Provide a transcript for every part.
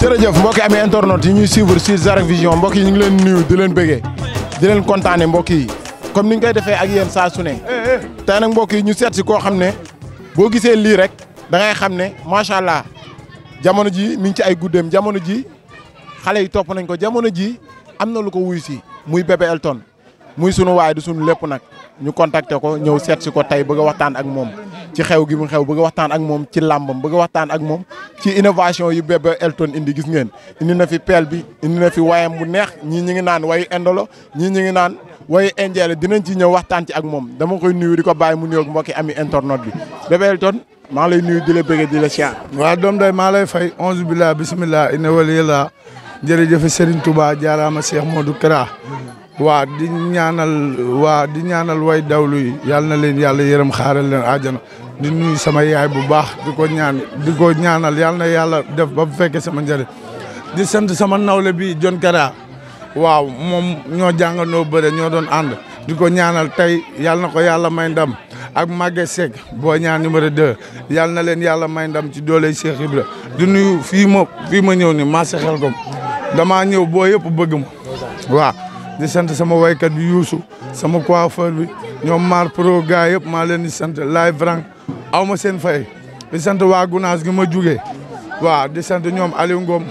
jërëjëf mbokki amee internet yi ñuy suivre sur Zarak Vision mbokk yi ñu ngi leen nuyu di leen bëggee di leen kontaane mbokk yi comme ni ñu koy defee ak yéen saa su ne tey nag mbokk yi ñu seet si koo xam ne boo gisee lii rek da ngay xam ne macha allah jamono ji mi ngi ci ay guddeem jamono ji xale yi topp nañ ko jamono ji am na lu ko wuy si muy Bébé Elton muy sunu waay du sunu lépp nag ñu contacté ko ñëw seet ko tey ba a waxtaan ak moom ci xew gi mu xew ba a waxtaan ak moom ci làmbam ba a waxtaan ak moom ci innovation yi Bébé Elton indi gis ngeen indi na fi peel bi indi na fi waayam bu neex ñii ñi ngi naan wayu indolo ñii wooyu indien la dinañ ci ñëw waxtaan ci ak moom dama koy nuyu di ko baay mu nuyoog mbokki ami internet bi Bébé maa ngi lay nuyu di la bëgg di la siyaar waaw doom day maa lay fay onze billah bismillah inna waliyallah jërëjëf Serigne Touba jaaraama Cheikh Modou Kara waa di ñaanal waa di ñaanal way dawlu yi na leen yàlla yërëm xaaral leen àjjana di nuyu sama yaay bu baax di ko ñaan ko ñaanal yàlla na yàlla def ba bu fekkee sama njëriñ di sant sama nawle bi Jon Kara waaw moom ñoo jàngandoo bëre ñoo doon ànd di ko ñaanal tey yàlla na ko yàlla may ndam ak Maguette Seck boo ñaan numéro 2 yàlla na leen yàlla may ndam ci doole Cheikh Ibra i nuyu fii ma fii ma ñëw ni marché Xelcom damaa ñëw boo yëpp bëgg ma waaw di sant sama waykat bi yuusu sama coiffeur bi ñoom Mar Pro gars yëpp maa leen di sant laay Frank aw ma seen fay di sant waa Gunaas gi ma jugee waaw di sant ñoom Aliou Ngom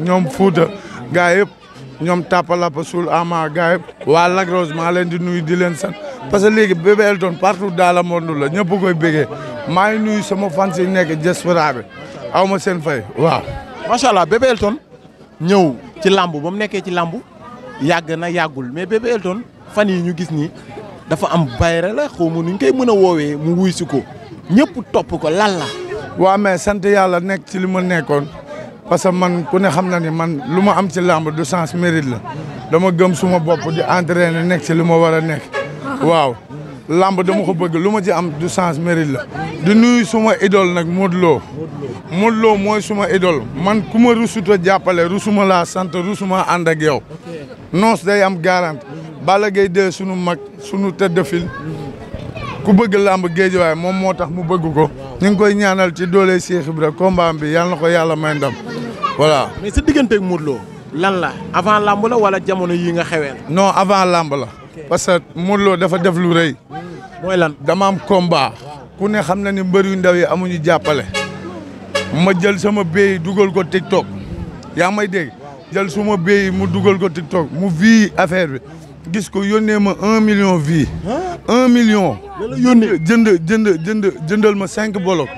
ñoom Fouta gars yëpp ñoom a Soul Ama Gaye waa Lagros maa leen di nuyu di leen sant parce que léegi bébé Elton partout dans le monde la ñëpp koy bëggee maa ngi nuyu sama fans yi nekk diaspora bi aw ma seen fay waaw. macha allah bébé Elton ñëw ci làmb ba mu nekkee ci làmb yàgg na yàggul mais bébé Elton fan yi ñu gis nii dafa am bayre la xaw ma nuñ koy mën a woowee mu wuy si ko ñëpp topp ko lan la. waaw mais sant yàlla nekk ci li ma nekkoon. parce que man ku ne xam na ni man lu ma am ci làmb du sens mérite la dama gëm suma bopp di entraîner nekk ci li ma war a nekk waaw làmb dama ko bëgg lu ma ci am du sens mérite la di nuyu suma idole nag Modou Lo mooy suma idole man ku ma rusuta jàppale rusuma laa sant rusuma ànd ak yow noos day am garante Balla Gaye dee sunu mag sunu tëdd fil ku bëgg lamb làmb géejuwaay moom moo tax mu bëgg ko ñu ngi koy ñaanal ci doole Cheikh Ibra combat bi yàlla na ko yàlla may ndam voilà. mais sa diggante ak Modou Lo lan la avant làmb la wala jamono yi nga xewee la. non avant làmb la. parce que Modou dafa def lu rëy. mooy lan dama am ku ne xam na ni mbër yu ndaw yi amuñu jàppale. ma jël sama béy dugal ko TikTok yaa may dégg jël suma mu dugal ko TikTok mu vi affaire bi. gis ko yónnee ma un million vie un million yónnee jënd jënd jënd ma cinq bolok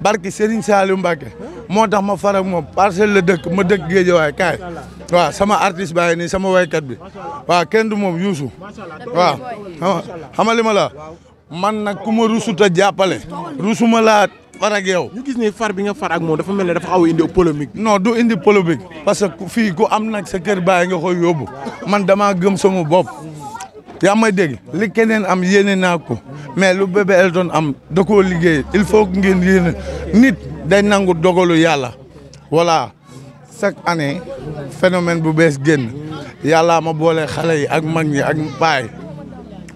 barki Serigne Saliou Mbacké moo tax ma farak moom parcelle la dëkk ma dëkk Guédiawaye kaay waaw sama artiste bàyyi nii sama waykat bi waaw kenn du moom Youssou waaw ma la man nag ku ma rusuta jàppale rusuma laat man ak yow. ñu gis ne far bi nga far ak moom dafa mel ne dafa xaw indi polémique. non du indi polémique parce que fii ku am nag sa kër bàyyi nga koy man damaa gëm sama bopp. yaa ma dégg li keneen am yéene naa ko mais lu bébé Elton am da liggéey il faut que ngeen yéene nit day nangu dogalu yàlla voilà chaque année phénomène bu bees génn yàlla ma boole xale yi ak mag ñi ak baay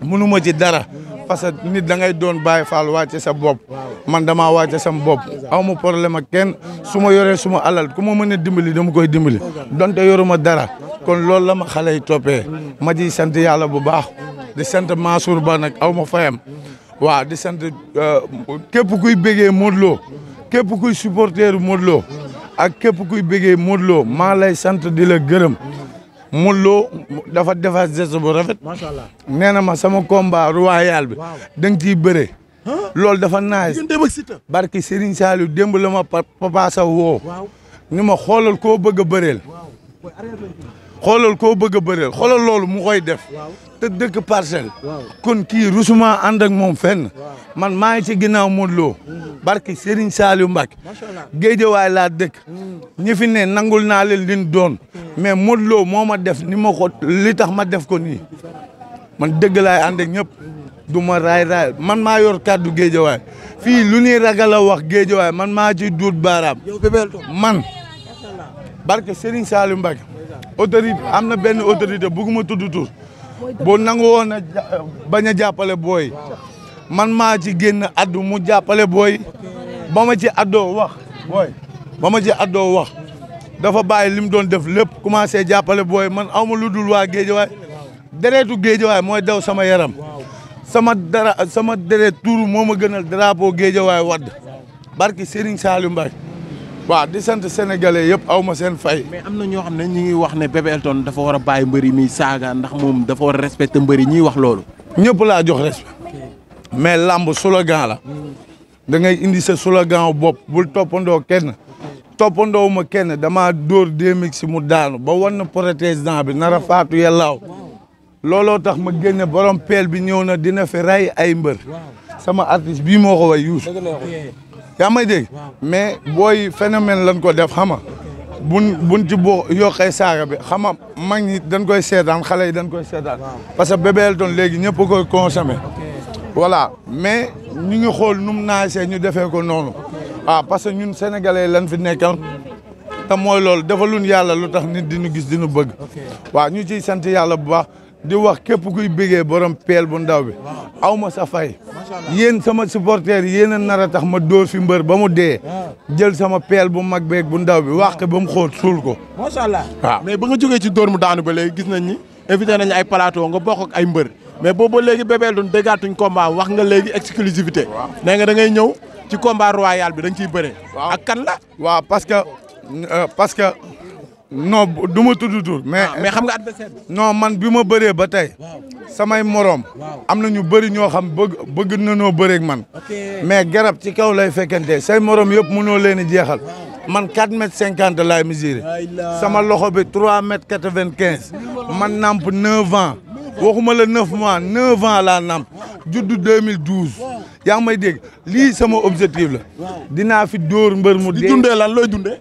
mënuma ci dara. parce que nit da ngay doon bàyyi faal wàcce sa bop man damaa wàcce sama bopp aw ma problème ak kenn su ma yoree su ma alal ku ma mën a dimbali dama koy dimbali donte yoruma dara kon loolu la ma xale yi toppee mm. ma ji sant yàlla bu baax mm. di sant Mansour Ba nag aw ma fayam mm. waaw di sant euh, képp kuy bégee Modou Lo képp kuy supporter Modou Lo ak képp kuy bégee Modou Lo maa lay sant di la gërëm Modou loo dafa defa geste bu rafet. macha allah nee na ma sama combat royal bi. da nga ciy bëre. loolu dafa naaj. barki Serigne Saliou démb la ma Papa Sow woo. ni ma xoolal koo bëgg a bëreel. xoolal koo bëgg a bëreel xoolal loolu mu koy def. te dëkk parcelle. kon kii rusuma ànd ak moom fenn. man maa ngi ci ginnaaw Modou Lo. Mm. barki Serigne Saliou Mbacke. géejewaay laa dëkk. Mm. ñi fi ne nangul naa leen liñ doon. Mm. mais Modou Lo moo ma def ni ma ko li tax ma def ko nii. man dëgg laay ànd ñëpp. du ma raay raay man maa yor kàddu géejewaay fii lu ñuy ragal a wax géejewaay man maa ci duut baaraam. man. barke Serigne Saliou Mbacké autorité am na benn autorité bugguma tudd tur boo nangu woon a bañ a jàppale booy man maa ci génn addu mu jàppale booy ba ma ci addoo wax booy ba ma ci addoo wax dafa bàyyi li mu doon def lépp commencé jàppale booy man aw ma lu dul waa géejawaay deretu géejawaay mooy daw sama yaram sama dara sama deret tuuru moo ma gënal drapeau géejawaay wadd barke Serigne Saliou Mbacké waaw di sant sénégalais yëpp aw ma seen fay. mais am na ñoo xam ne ñu ngi wax ne Bébé Elton dafa war a bàyyi mbëri mi saaga ndax moom dafa war a respecté mbëri ñuy wax loolu. ñëpp laa jox respect. mais làmb slogan la. da ngay indi sa slogan bopp bul toppandoo kenn. toppandoo ma kenn dama dóor démig si mu daanu ba wan na président bi nar a faatu yàllaaw. looloo tax ma génne borom peel bi ñëw na dina fi rey ay mbër. sama artiste bii moo ko way yaa may dégg mais booy phénomène lañ ko def xama bun bun ci boo yokkee saaga bi xama mag ñi dañ koy seetaan xale yi dañ koy seetaan parce que Bébé Elton léegi ñëpp koy consommé voilà mais ñu ngi xool nu mu naasee ñu defee ko noonu waaw ah, parce que ñun sénégalais lan fi nekkal ah. te mooy loolu dafa yàlla lu tax nit di ñu gis di nu bëgg waaw ñu ciy sant yàlla bu baax di wax képp kuy bégee borom peel bu ndaw bi aw ma sa fay yéen sama supporter yéen a nar tax ma door fi mbër ba mu dee ah. jël sama peel bu mag beeg bu ndaw bi wax ba mu xóot suul ko macha allah waaw ah. mais ba nga jógee ci dóor mu daanu ba léegi gis nañ ni invité nañ ay plateau nga bokk ay mbër mais boobu ba léegi bébé duñ déggaatuñ combat wax nga léegi exclusivité nee nga da ngay ñëw ci combat royal bi da nga ciy bëre ak kan la parce que euh, parce que non du ma tudd tur mais ah, mais xam nga adversaire non man bi ma bëree ba tey. samay moroom. am na ñu bëri ñoo xam bëgg bëgg na noo bëreeg man. mais garab ci kaw lay fekkente say morom yëpp mënoo leen jeexal. man 4 mètres 50 laay mesuré. sama loxo bi 3 mètres 95. man namp 9 ans. waxuma la 9 mois 9 ans laa namp. juddu 2012. yaa ngi may dégg lii sama objectif la. dinaa fi dóor mbër mu dee. di dundee looy dundee.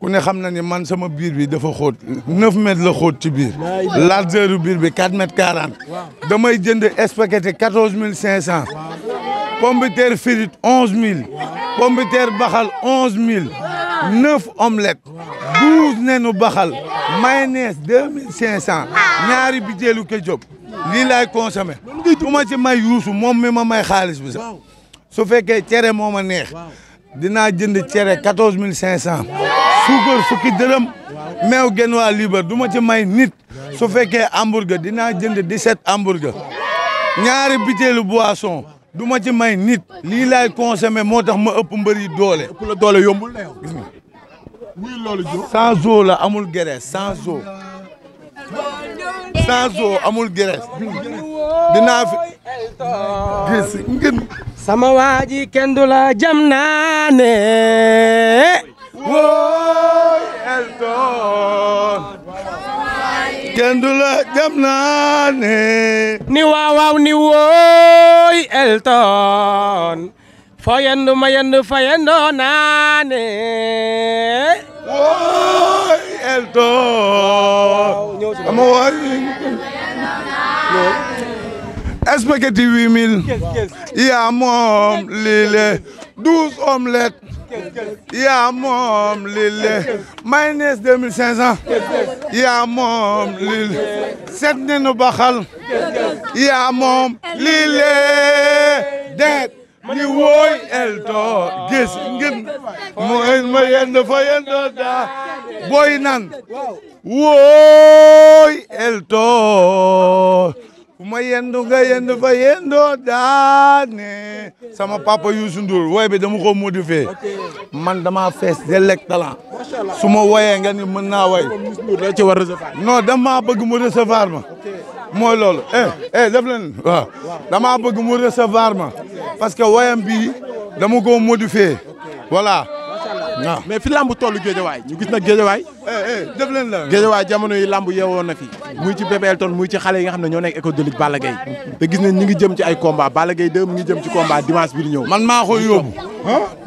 ku ne xam na ni man sama biir bi dafa xóot neuf mètres la xóot ci biir largeur biir bi quatre mètres quarante damay jënd spaghetti quatorze mille cinq cent pomme de terre frite onze mille pomme de terre baxal onze mille neuf omelettes douze nenu baxal mayonnaise deux mille cinq cent ñaari bitéelu ketchup lii laay consommé du ma ci may yuusu moom mi ma may xaalis bi sax su fekkee cere moo ma neex dinaa jënd cere quatorze mille cinq cent suukar fukki dërëm meew genn waa du ma may nit su fekkee hamburger dinaa jënd 17 hamburger ñaari biteelu boisson du ma may nit lii laay consommer moo tax ma ëpp mbër yi doole ëpp la doole yombul na yow gis la amul graisse sans eau sans sama waa ji kenn jam naane wooy Elton kenn du la jam naa ni waaw ni wooy Elton foo yendu ma yendu fa yendoo naa ne wooy Elton ama wooy spaghetti huit mille yaa moom lii le douze omelettes yaa moom lile mayonnaise deux mille cinq cent yaa moom lile set nenu baxal yaa moom lile deet ni wooy el to gis ngeen mo ma yend fa yendo da boy nan wooy el to fu ma yendu nga yendu fa yendoo daane sama papa Youssou Ndour woy bi dama ko modifié man dama fees delek talent su ma woyee nga ni mën naa woy non dama bëgg mu recevoir ma mooy loolu eh eh def leen waaw bëgg mu recevoir ma parce que woyam bi dama ko modifié voilà waaw mais fi lamb tollu géejawaay ñu gis nag géejawaay eh, eh, def leen la géejawaay jamono yi lamb yeewoon na fi muy ci bébé Elton muy ci xale yi nga xam ne ñoo nekk école de lutte Balla te gis nañ ñi ngi jëm ci ay combat Balla Gaye 2 mu ngi jëm ci combat dimanche bi di ñëw man maa ko yóbbu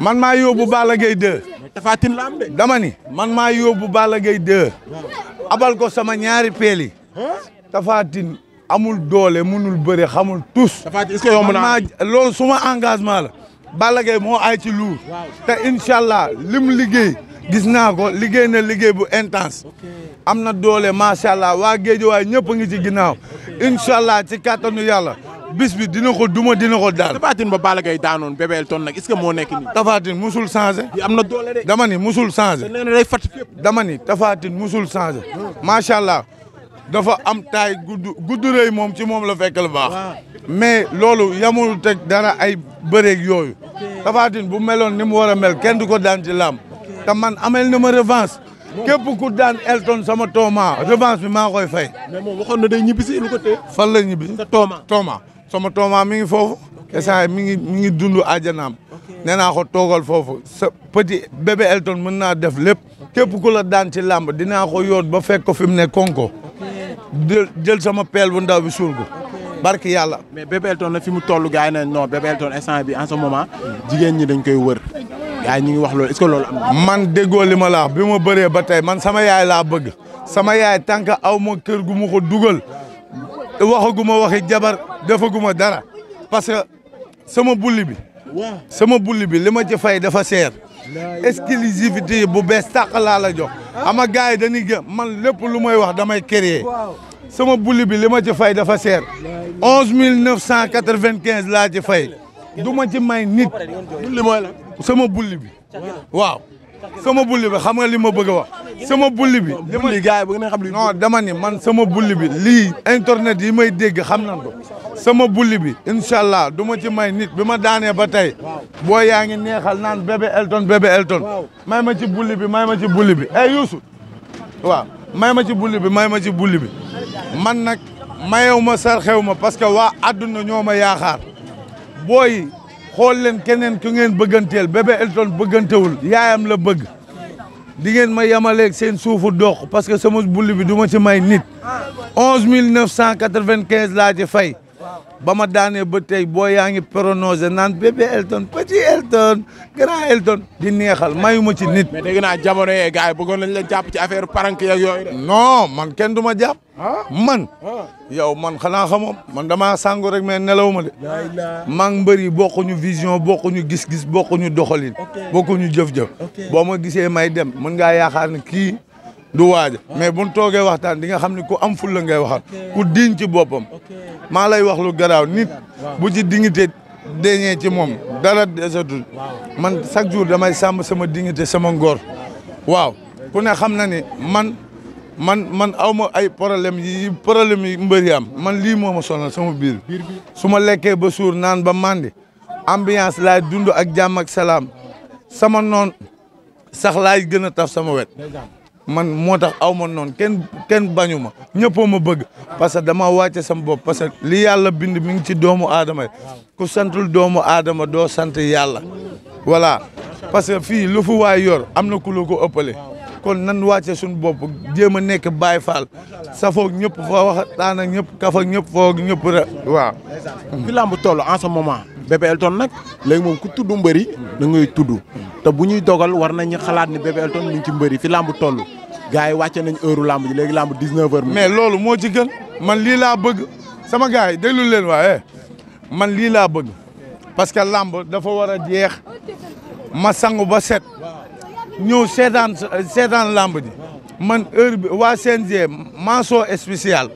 man maa yóbbu Balla Gaye 2 Tapha Tine la am de dama ni man maa yóbbu Balla Gaye 2 abal ko sama ñaari peel yi Tapha Tine amul doole mënul bëre xamul tous. Tapha Tine suma engagement la Balla Gaye moo aay ci luur te incha allah lim liggéey gis naa ko liggéey na liggéey bu intense am na doole macha allah waa Géejawaay ñëpp a ngi ci ginnaaw incha allah ci kàttanu yàlla bis bi dina ko duma dina ko daal. Tafaatine ba Balla Gaye daanoon Bébé Elton nag est-ce moo nekk nii. Tafaatine musul changé. am na doole de. dama ni musul changé. te nee na day fàtt fépp. dama ni Tafaatine musul changé macha allah. dafa am taay gudd gudd rëy moom ci moom la fekk lu baax. mais loolu yamul teg dara ay bëreeg yooyu. Tapha Tine bu meloon ni mu war a mel kenn du ko daan ci làmb. te man amel na ma revanche. képp ku daan Elton sama tooma revanche bi maa koy fay. mais moom waxoon na day ñibbi si fan la ñibbi sa tooma tooma sama tooma mi ngi foofu. ok mi ngi mi ngi dund àjjanaam. nee naa ko toogal foofu sa petit bébé Elton mën naa def lépp. képp ku la daan ci làmb dinaa ko yoot ba fekk ko fi mu ne konko jël jël sama pel bu ndaw bi suul ko barki yàlla. mais Bébé Elton na fi mu toll gars yi ne non Bébé Elton instant bi en ce moment jigéen ñi dañ koy wër. gars ñu ngi wax loolu est que loolu man déggoo li ma bi ma bëree ba tey man sama yaay laa bëgg sama yaay tant que aw ma kër gu ma ko dugal waxaguma waxi jabar defaguma dara parce que sama bulli bi. sama bulli bi li ma ci fay dafa seer. exclusivité bu bees sàq laa la jox ah. ama gars yi dañuy man lépp lu may wax damay créer sama bulli bi li ma ci fay dafa seer onze mille neuf cent quatre-vingt-quinze laa ci fay du ma ci may nit sama bulli bi waaw sama bulli bi xam nga li ma bëgg a wax sama bulli bi bulli gars yi bëgg na xam li non dama ni man sama bulli bi lii internet yi may dégg xam nan ko sama bulli bi incha allah du ma ci may nit bi ma daanee ba tey boo yaa ngi neexal naan bébé Elton bébé Elton may ma ci bulli bi may ma ci bulli bi eh Youssou waaw may ma ci bulli bi may ma ci bulli bi man nag mayew ma sarxew ma parce que waa adduna ñoo ma yaakaar booy xool leen keneen ku ngeen bëgganteel bébé Elton bëggantewul yaayam la bëgg di ngeen ma yemaleeg seen suufu dox parce que sama bulli bi du ma ci may nit onze mille neuf cent quatre-vingt-quinze laa ci fay ba ma daanee ba tey boo yaa ngi pronosé naan bébé Elton petit Elton grand Elton di neexal mayuma ci nit. mais dégg naa jamono yee gars yi bëggoon nañ leen jàpp ci affaire parank yeeg yooyu de. non man kenn du ma jàpp. Ah? man. Ah. yow man xanaa xamoon man damaa sangu rek mais nelaw ma de. maa ngi mbëri bokkuñu vision bokkuñu gis-gis bokkuñu doxalin. bokkuñu jëf-jëf. boo ma gisee may dem mën ngaa yaakaar ne kii. du waaj mais buñ toogee waxtan di nga xamni ku am ful la ngay waxal ku diñ ci bopam ma lay wax lu graw nit bu ci dignité deñee ci mom dara desatul man chaque jour damay sam sama dignité sama ngor waaw ku ne xamna ni man man man awma ay problème yi problème yi mbeur yam man li moma sonal sama bir suma ma ba sour nan ba mandi ambiance la dundu ak jam ak salam sama non, sax lay gëna taf sama wet man moo tax aw ma noonu kenn kenn bañu ma ñëppoo ma bëgg parce que dama wàcce sama bopp parce que li yàlla bind mi ngi ci doomu aadama yi ku santul doomu aadama doo sant yàlla voilà parce que fii lu fu waay yor am na ku ko ëppale kon nan wàcce suñu bopp jéem a nekk Baay Faal safoog ñëpp foo waxtaan ak ñëpp kaf ak ñëpp foog ñëpp rek waaw. fi làmb toll en ce moment Bébé Elton nag léegi moom ku tudd mbëri da ngay tudd. te bu ñuy dogal war nañu xalaat ni Bébé Elton mu ngi ci mbëri fi làmb toll gars yi wàcce nañ heure làmb ji léegi làmb 19 heures. mais loolu moo ci gën man lii laa bëgg sama gars yi déglu leen waaye eh. man lii laa bëgg parce que làmb dafa war a jeex ma sangu ba set ñëw seetaan seetaan làmb ji man heure bi waa CNG mention spéciale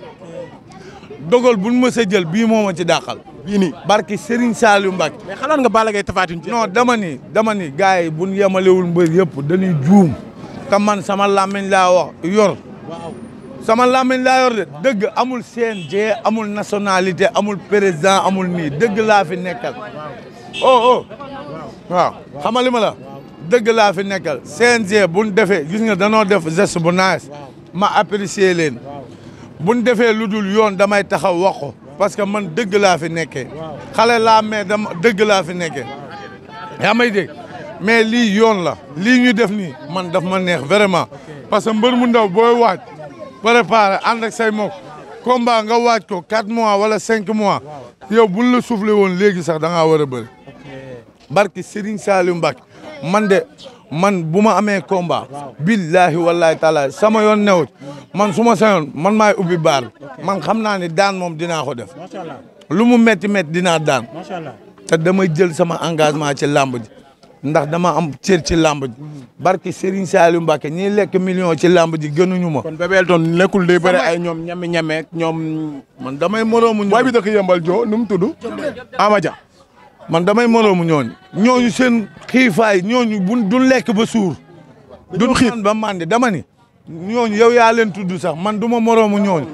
dogal buñ mës a jël bii moo ma ci dàqal. bii nii barki Serigne Saliou Mbacke. mais xalaat nga Balla Gaye Tapha Tine. non dama ni dama ni gars yi bu yemalewul mbër yëpp dañuy juum. te man sama làmmiñ laa wax yor. waaw sama làmmiñ laa yor de dëgg amul CNG amul nationalité amul président amul nii dëgg laa fi nekkal. oh oh waaw xamal li ma la. dëgg laa fi nekkal CNG bu ñu defee gis nga danoo def geste bu naas ma apprécier leen bu defee lu dul yoon damay taxaw wax ko parce que man dëgg laa fi nekkee xale laa mais da dëgg laa fi nekkee yaa may dégg mais lii yoon la lii ñu def nii man daf ma neex vraiment parce que mbër mu ndaw booy waaj préparé ànd ak say mbokk combat nga waaj ko 4 mois wala 5 mois yow buñ la soufflé woon léegi sax da ngaa war a bëri barki Serigne man de man bu ma amee combat billahi wallahi taala sama yoon newut man su ma sañoon man maay ubbi baar man xam naa ne daan moom dinaa ko def lu mu métti métti dinaa daan te dama jël sama engagement ci làmb ji ndax dama am cër ci làmb ji barke Serigne Saliou Mbacke ñi lekk million ci làmb ji gënuñu ma. kon lekkul day bëri ay ñoom ñame ñame ñoom. man damay moroomu ñoom. waay bi dëkk yëmbal joo nu mu tudd Ama man damay moroomu ñooñu ñooñu seen xiifaay ñooñu buñ duñ lekk ba suur duñ xiif ba màndi dama ni ñooñu yow yaa leen tudd sax man du ma moroomu ñooñu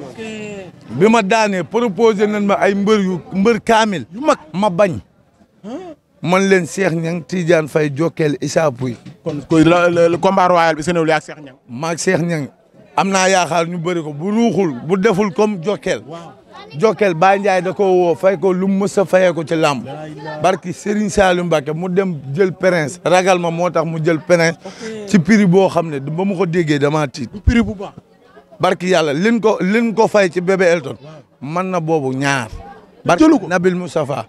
bi ma daanee proposé nañ ma ay mbër yu mbër kaamil yu mag ma bañ man leen Cheikh Niang tiijaan fay jokel Issa Pouye kon koy combat royal bi senew li ak Cheikh Niang maag Cheikh am naa yaakaar ñu bëri ko bu ruuxul bu deful comme Jokkel Jokkel baa Ndiaye da ko fay ko lu mu fayee ko ci làmb barki Serigne Saliou Mbacké mu dem jël prince ragal ma moo tax mu jël prince ci prix boo xam ne ba mu ko déggee damaa tiit. prix bu baax. barki yàlla lin ko lin ko fay ci bébé Elton man na boobu ñaar. barki Nabil Moustapha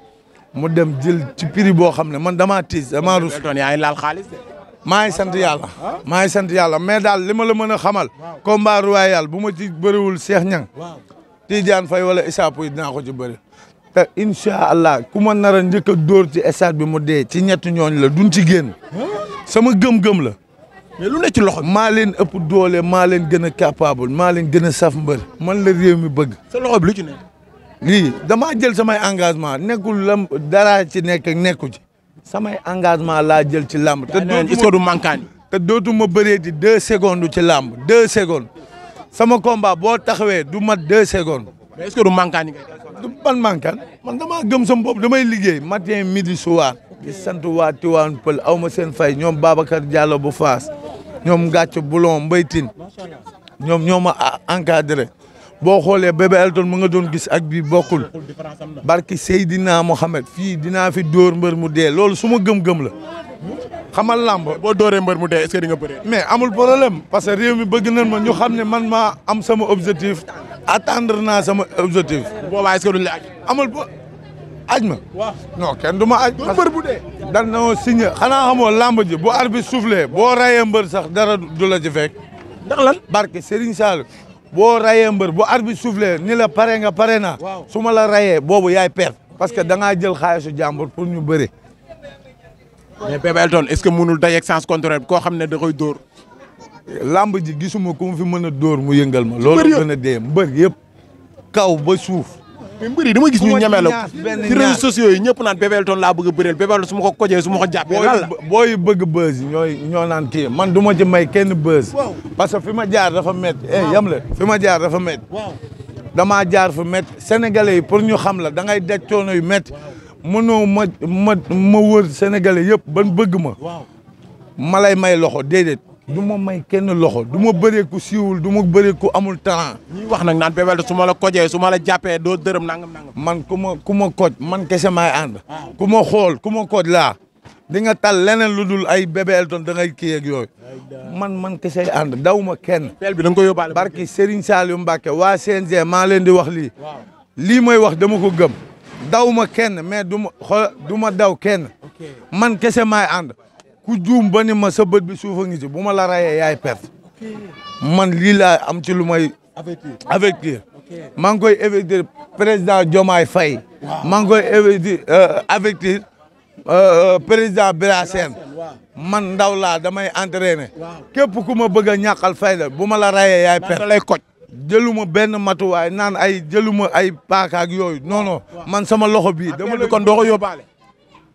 mu dem jël ci prix boo xam ne man damaa tiit damaa rus. Elton yaa laal xaalis de. maa ngi sant yàlla ah. maa ngi sant yàlla mais daal li ma la mën a xamal combat royal bu ma ci bëriwul Cheikh Niang Tidiane fay wala Issa Pouye dinaa ko ci bër te incha allah ku ma nar a njëkk a dóor ci stade bi mu dee ci ñetti ñooñ la dun ci génn sama gëm-gëm la. mais lu ne ci loxo maa leen ëpp doole maa leen gën a capable maa leen gën a saf mbër man la réew mi bëgg. sa lu ci ne. lii damaa jël samay engagement nekkul lam daraa ci nekk nekku ci samay engagement laa jël ci làmb. te dootuma te dootuma bëree di deux secondes ci làmb deux secondes. sama combat boo taxawee du mat deux secondes. mais est-ce que du mankaan du ban mankaan man damaa gëm sama bopp damay liggéey matin midi soir. di sant waa Tivaouane Pël aw ma seen fay ñoom Babacar Diallo bu Faas ñoom Gàcc Boulon Mbaytin ñoom ñoo ma encadré boo xoolee bébé Elton mu nga doon gis ak bi bokkul barki Seydina Mohamed fii dinaa fi dóor mbër mu dee loolu suma ma gëm-gëm la. xamal làmb boo dooree mbër mu dee est-ce nga bëree. mais amul problème parce que réew mi bëgg nañ ma ñu xam ne man maa am sama objectif atteindre na sama objectif. boo est-ce que duñ la aj amul bo aj ma. waaw non kenn du ma aj. parce que mbër bu dee. dan noo signé xanaa xamoo làmb ji bu arbitre soufflé boo rayee mbër sax dara du la ci ndax lan barke Serigne Sall boo rayee mbër bu arbitre soufflé ni la pare nga pare naa. su ma la rayee boobu yaay perte. parce que da ngaa jël xaalisu jàmbur pour ñu bëri. mais Bébé Elton est-ce que mënul day ak sens contraire koo xam ne da koy dóor. lamb ji gisuma ku mu fi mën a dóor mu yëngal ma. lool gën a dee mbër yëpp. kaw ba suuf. mais mbër yi dama gis ñu ñeme la ci réseaux sociaux yi ñëpp naan Bébé Elton laa bëgg a bëreel Bébé Elton su ma ko kojee ma ko jàppee. lan booy bëgg buzz ñoo naan kii man du ma ci may kenn buzz. parce que fi ma jaar dafa métti. eh yam la fi ma jaar dafa métti. damaa jaar fu métti sénégalais yi pour ñu xam la da ngay daj coono yu métti mënoo ma ma ma wër sénégalais yëpp ban bëgg ma ma lay may loxo déedéet du ma may kenn loxo du ma bëree ku siiwul du ma bëree ku amul talent. ñuy wax nag naan Bébé Elton su ma la kojee su ma la jàppee doo dërëm nangam nangam. man ku ma ku ma koj man kese maay ànd. Ah. ku ma xool ku ma koj laa. di nga tal leneen lu dul ay bebel Elton da ngay kii ak yooyu man man kese ànd dawma kenn. peel bi da nga ko yóbbaale. barki Serigne Saliou Mbacke waa CNG maa leen di wax lii. lii may wax dama ko gëm. daw ma kenn mais du ma xool du ma daw kenn man kese maay ànd ku juum ba ni ma sa bët bi suufa ngi si bu ma la rayee yaay perte man lii laa am ci lu may avertir maa ngi koy avertir président Diomaye fay maa ngi koy avertir euh, avertir euh, président Bira Sène man ndaw laa damay entraîner képp ku ma bëgg a ñàkkal fayda bu ma la rayee yaay perte lay jëluma benn matuwaay naan ay jëluma ay paaka ak yooyu non man sama loxo bii dama ne kon doo ko yóbbaale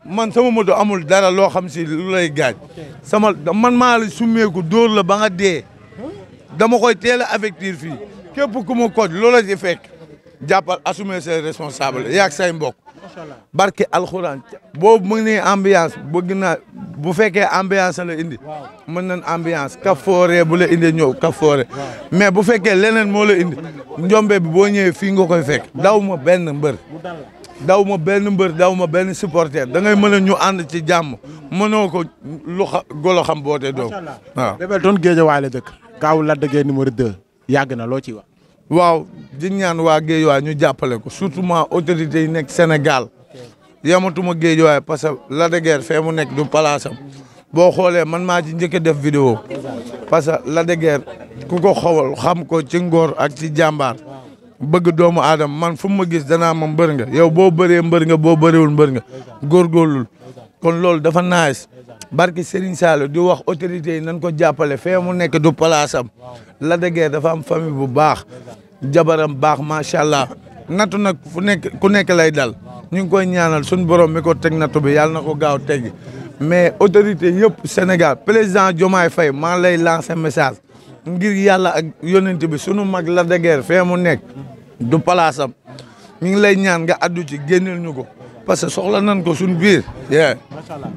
man sama moto amul dara loo xam si lu lay gaañ sama man maa la summeeku dóor la ba nga dee hmm? dama koy teel a affectir fii képp ku ma koj loola ci fekk jàppal assumer ses responsabilités yaag say mbok barke alxuraan boobu mu ne ambiance bëgg naa bu fekkee ambiance indi mën nañ ambiance ka foore bu la indi ñëw ka foore mais bu fekkee leneen moo la indi njombe bi boo ñëwee fii nga koy fekk daw ma benn mbër daw ma benn mbër daw ma benn supporter da ngay mën a ñu ànd ci jàmm mënoo ko golo xam boote doom waaw Bébé Elton Guédiawaye la dëkk kaaw la dëggee numéro 2 yàgg na loo ciy wax waaw di ñaan waa Guédiawaye ñu jàppale ko surtout ma autorités yi nekk Sénégal yamatuma Guédiawaye parce que Lac de Guiers fee mu nekk du palaasam boo xoolee man maa ci njëkk def vidéo parce que Lac ku ko xawal xam ko ci ngor ak ci jàmbaar bëgg doomu aadama man fu ma gis danaa ma mbër nga yow boo bëree mbër nga boo bëriwul mbër nga góorgóorlul kon loolu dafa naaj barki Serigne Sall di wax autorité yi nañ ko jàppale fee mu nekk du palaasam la dëggee dafa am famille bu baax jabaram baax macha allah natu nag fu nekk ku nekk lay dal ñu ngi koy ñaanal suñu borom mi ko teg natu bi yàlla na ko gaaw teggi mais autorité yëpp Sénégal président Diomaye fay maa lay lancer message ngir yàlla ak yonent bi sunu mag la dëggee fee mu nekk du palaasam ñu ngi lay ñaan nga addu ci ñu ko. parce que soxla nañ ko suñu biir. macha allah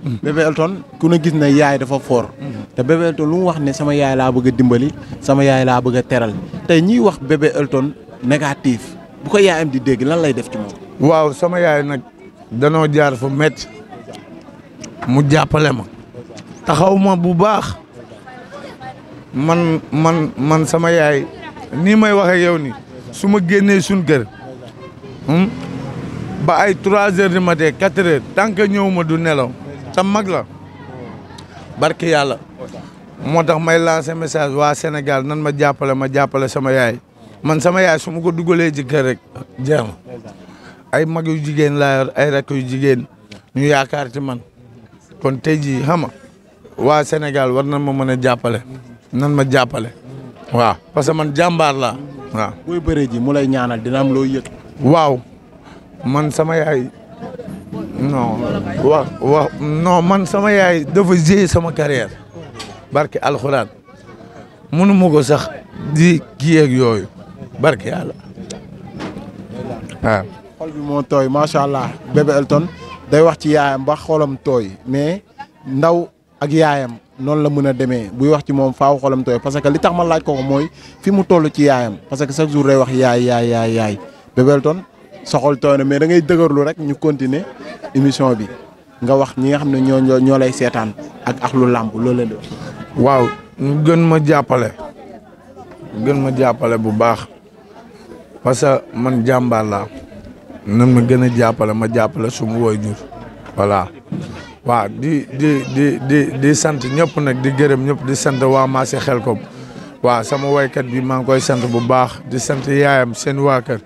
Elton ku ne gis na yaay dafa foor mm-hmm. te bébé Elton lu mu wax ne sama yaay laa bëgg a dimbali sama yaay laa bëgg a teral tey ñii wax bébé Elton négatif bu ko yaayam di dégg lan lay def ci moom. waaw sama yaay nag danoo jaar fu métti mu jàppale ma. taxaw ma bu baax man man man sama yaay nii may waxe yow nii su ma génnee suñ gër hmm, ba ay trois heures du matin quatre heures tant ñëw ma du nelaw te mag la barke yàlla moo tax may lancer message waa senegal nan ma jàppale ma jàppale sama yaay man sama yaay su ma ko dugalee ci rek jeex ay mag yu jigéen laa ay rakk yu jigéen ñu yaakaar ci man kon tey jii xam waa Sénégal war na ma mën a jàppale nan ma jàppale waaw parce que man jàmbaar laa waaw. booy bëree ji mu lay ñaanal dina am loo yëg. waaw. man sama yaay non man sama yaay dafa gérer sama carrière barke alxuraan mënu ma ko sax di ki ak yooyu barke yàlla xol bi moo tooy macha allah bébé Elton day wax ci yaayam ba xolam tooy mais ndaw ak yaayam noon la mën a demee buy wax ci moom faaw xolam tooy parce que li tax ma laaj ko ko mooy fi mu toll ci yaayam parce que chaque jour day wax yaay yaay yaay yaay bébé Elton soxal toone mais da ngay dëgërlu rek ñu continuer émission bi nga wax ñi nga xam ne ñoo ñoo lay seetaan ak ak lu làmp loolu la waaw ñu gën ma jàppale gën ma jàppale bu baax parce que man jàmbaar laa nan ma gën a jàppale ma jàppale suma waajur voilà waaw di di di di di sant ñëpp nag di gërëm ñëpp di sant waa xel ko waaw sama waykat bi maa ngi koy sant bu baax di sant yaayam seen waa kër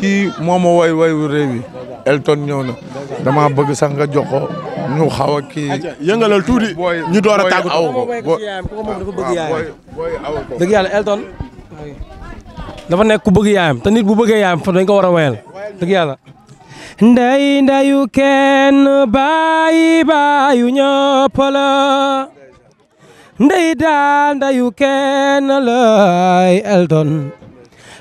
kii moo ma woy woyu réew Elton ñëw na dama bëgg sax nga jox ko ñu xaw kii. yëngalal tuuti ñu door a tàggu aw ko booy nekk bëgg yaayam te bu bëggee yaayam fa dañ ko war a wayal dëgg yàlla. ndey ndeyu kenn bàyyi bàyyu ñëpp la ndey daal ndeyu kenn lay Elton.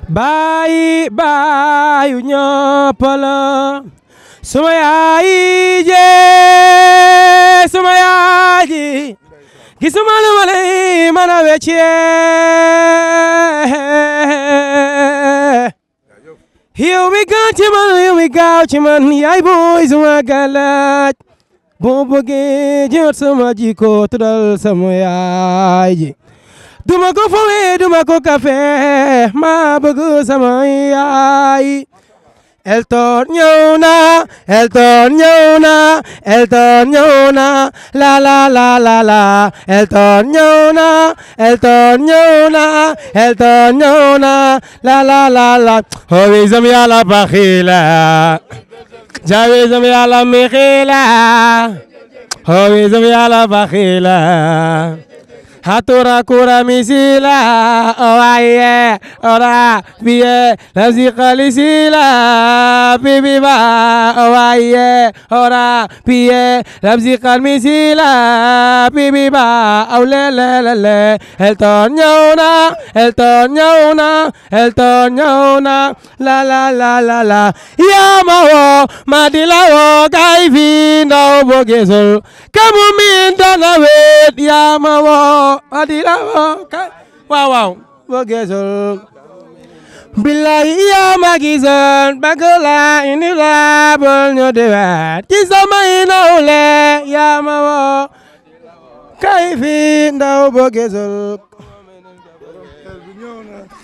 baayi baayu ñëpp la suma yaayi jee suma yaaji gisuma lu ma lay mën a weccee yow mi gaaw ci man yow mi gaaw ci man yaay booy suma galaaj boo bëggee jot sama jikko tuddal sama yaayi duma ko fowee duma ko kafe ma bëgg sama yaay Elton ñëw la la la la la Elton ñëw na Elton la la la la howizam yàlla baxila jawizam yàlla mixila howizam yàlla baxila hatura kura misila owaye ora fiye lazi qalisila bibiba owaye ora fiye lazi qalisila bibiba awlelelele Elton ñawna Elton ñawna Elton ñawna la la la la la yamawo madilawo kay fi ndaw bogesul kamu min dana wet yamawo adira ka waaw waaw boo geesul billahi yaa ma gisoon bëgg laa indi laa bul ñu dewaat ci sama nawle yaa ma woo kay fi ndaw boo geesul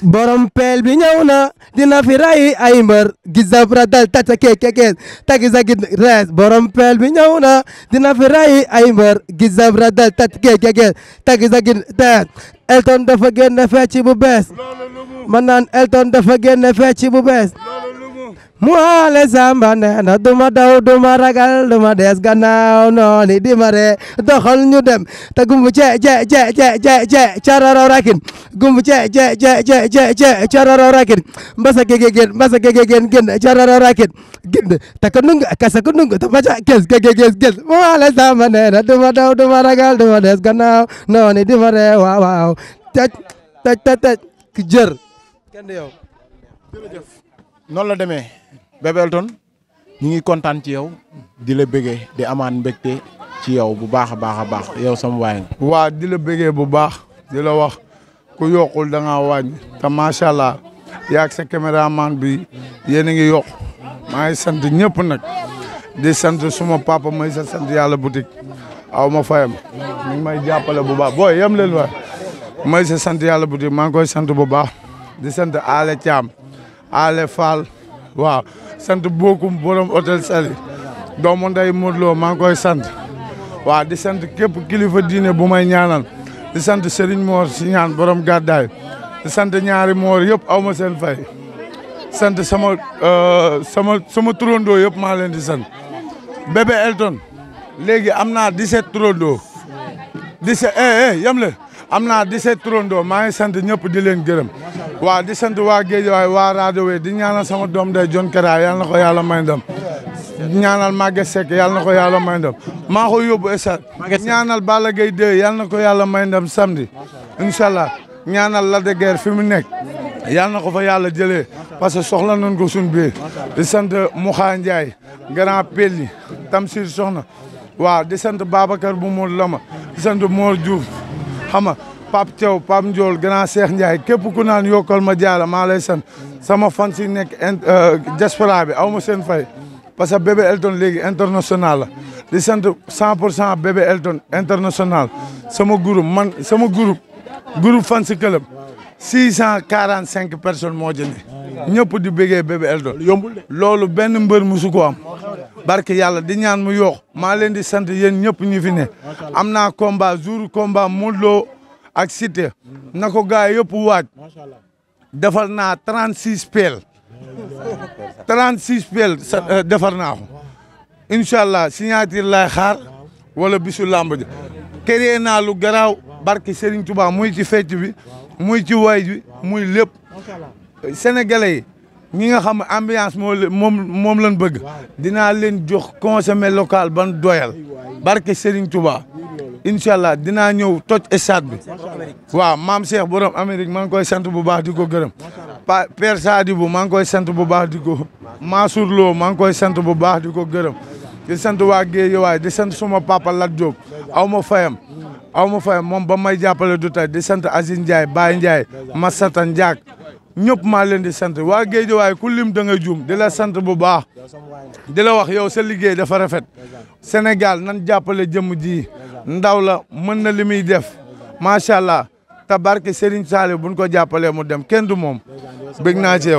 borom peel bi ñëw na dina fi ray ay mbër gizabra dal tata kekekees tagi sagi rees borom peel bi ñaw na dina fi ray ay mbër gizabra dal tata kekekees tagi sagi rees Elton dafa génne fecc bu bees man naan Elton dafa génne fecc bu bees muwaale samba nee na duma daw duma ragal duma des gannaaw nooni dimare doxal ñu dem te gumbu ce ce ce ce ce ce cararaw rakin gumbu ce ce ce ce ce ce nee na duma daw duma ragal duma des gannaaw nooni dimare waaw waaw taj taj taj taj noonu la demee Bébé Elton ñu ngi kontaan ci yow di la bëggee di amaan mbégte ci yow bu baax a baax a baax yow sama waay waa di la bëggee bu baax di la wax ku yokkul danga ngaa wàññi te macha allah yaag sa bi yéen a ngi yokk maa ngi sant ñëpp nag di sant suma papa may sa sant yàlla boutique aw ma fayam mi ngi may jàppale bu baax booy yem leen waay may sa sant yàlla boutique maa ngi koy sant bu baax di sant Aale Thiam. Ale Fall waaw sant bokkum borom hôtel Sali doomu nday Modou Lo maa ngi koy sant waaw di sant képp kilifa diine bu may ñaanal di sant Serigne Mor si ñaan borom gàddaay sant ñaari moor yëpp aw ma seen fay sant sama euh, sama sama turandoo yëpp maa leen di sant bébé Elton léegi am naa 17 turandoo di eh eh yam le am naa di 17 turandoo maa ngi sant ñëpp di leen gërëm waaw di sant waa Géejawaay waa rajo bi di ñaanal sama doom day John Kara yàlla na ko yàlla may ndam ñaanal Maguette Seck yàlla na ko yàlla may ndam maa ko yóbbu stade ñaanal Balla Gaye 2 yàlla na ko yàlla may ndam samedi incha allah ñaanal Lac de Guiers fi mu nekk yàlla na ko fa yàlla jëlee parce que soxla nañ ko suñ biir di sant Mouha Ndiaye grand Pelli Tamsir Soxna waaw di sant Babacar bu mu lama di sant Mor Diouf xam Pape Thiaw Pape Ndiol grand Cheikh Ndiaye képp ku naan yokkal ma jaara maa lay sant sama fan si nekk euh, diaspora bi aw ma seen fay parce que bébé Elton léegi international la di sant 100 pour cent bébé Elton international sama groupe man sama groupe groupe fan si club 645 personnes moo jënd ñëpp di bëggee bébé Elton loolu benn mbër mu ko am barke yàlla di ñaan mu yoox maa leen di sant yéen ñëpp ñi fi ne am naa combat jour combat Modou Lo ak Siteu nako ko gars yëpp waaj defar naa 36 peel 36 peel eh, defar naa ko allah signature lay xaar wala bisu làmb ja créé naa lu garaaw barke Serigne Touba muy ci fecc bi muy ci way muy lépp sénégalais yi ñi nga xam ambiance moo moom moom bëgg dinaa leen jox consommer local ban doyal barke Serigne Touba incha allah dinaa ñëw toj stade bi waaw maam Cheikh borom Amérique maa ngi koy sant bu baax di ko gërëm pa Père Sadibou maa ngi koy sant bu baax di ko Mansour Lo maa ngi koy sant bu baax di ko gërëm di sant waa Guédiawaye di sant suma papa Lat Diop aw ma fayam aw ma fayam moom ba may jàppale du tey di sant Aziz Ndiaye Baye Ndiaye Massata Ndiak ñëpp maa leen di sant waa Géejawaay ku lim da nga juum di la sant bu baax di la wax yow sa liggéey dafa rafet Sénégal nan jàppale jëmm ji ndaw la mën na li muy def macha allah te barke Serigne bu buñ ko jàppalee mu dem kenn du moom bëgg naa ci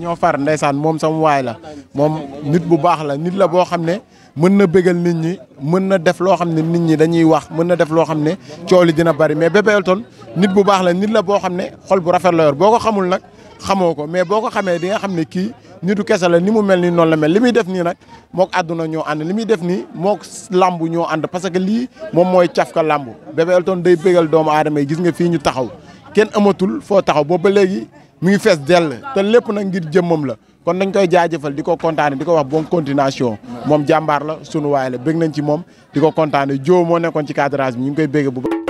ñoo far ndeysaan moom sama waay la moom nit bu baax la nit la boo xam ne mën na bégal nit ñi mën na def loo xam ne nit ñi dañuy wax mën na def loo xam ne coow li dina bari mais Bébé Elton nit bu baax la nit la boo xam ne xol bu rafet boo ko xamul nag. xamoo ko mais boo ko xamee di nga xam ne kii nitu kese la ni mu mel ni noonu la mel li muy def nii nag mook àdduna ñoo ànd li muy def nii mook làmb ñoo ànd parce que lii moom mooy cafka làmb Bébé Elton day bégal doomu aadama yi gis nga fii ñu taxaw kenn amatul foo taxaw boobu ba léegi mi ngi fees dell te lépp nag ngir jëmmam la kon dañ koy jaajëfal di ko kontaane di ko wax bonne continuation moom jàmbaar la sunu waay la bëgg nañ ci moom di ko kontaane joo moo nekkoon ci cadrage bi ñu ngi koy bégge bu